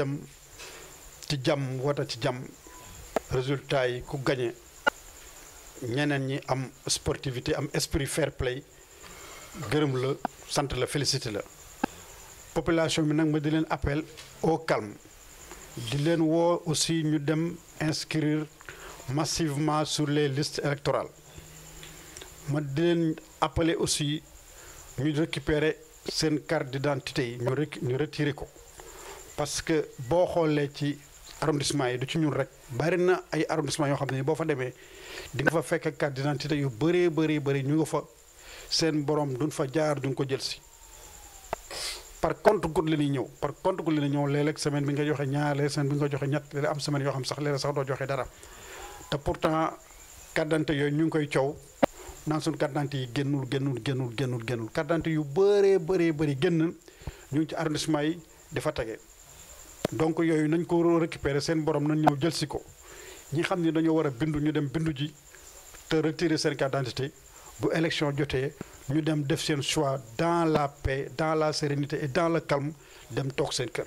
dem ci jàmm wota ci jàmm résultat yi ku gagné ñeneen ñi am sportivité am esprit fair play gërëm la sant la félicité la population bi nag ma di leen appel au calme di leen woo aussi ñu dem inscrire massivement sur les listes électorales ma di leen appeler aussi ñu récupérer seen carte d'identité yi ñu retirer ko parce que bo xolé ci arrondissement yi du ci ñun rek bari na ay arrondissement yo xamné bo fa démé di nga fa fekk carte d'identité yu bëré bëré bëré ñu nga fa seen borom duñ fa jaar duñ ko jël ci par contre gud la ñuy ñëw par contre gud la ñuy ñëw léeg semaine bi nga joxe ñaar léeg semaine bi nga joxe ñatt lé am semaine yo xam sax lé sax do joxe dara té pourtant carte d'identité yo ñu ngi koy ciow nan sun carte d'identité gennul gennul gennul gennul gennul carte d'identité yu bëré bëré bëré genn ñu ci arrondissement yi defa tagué donc yooyu nañ ko récupérer seen borom nañ ñëw jël si ko ñi xam ne dañoo war a bindu ñu dem bindu ji te retirer seen carte d'identité bu élection jotee ñu dem def seen choix dans la paix dans la sérénité et dans le calme dem toog seen kër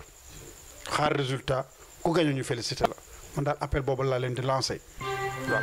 xaar résultat ku gañu ñu félicité la man daal appel boobu laa leen di lancer waaw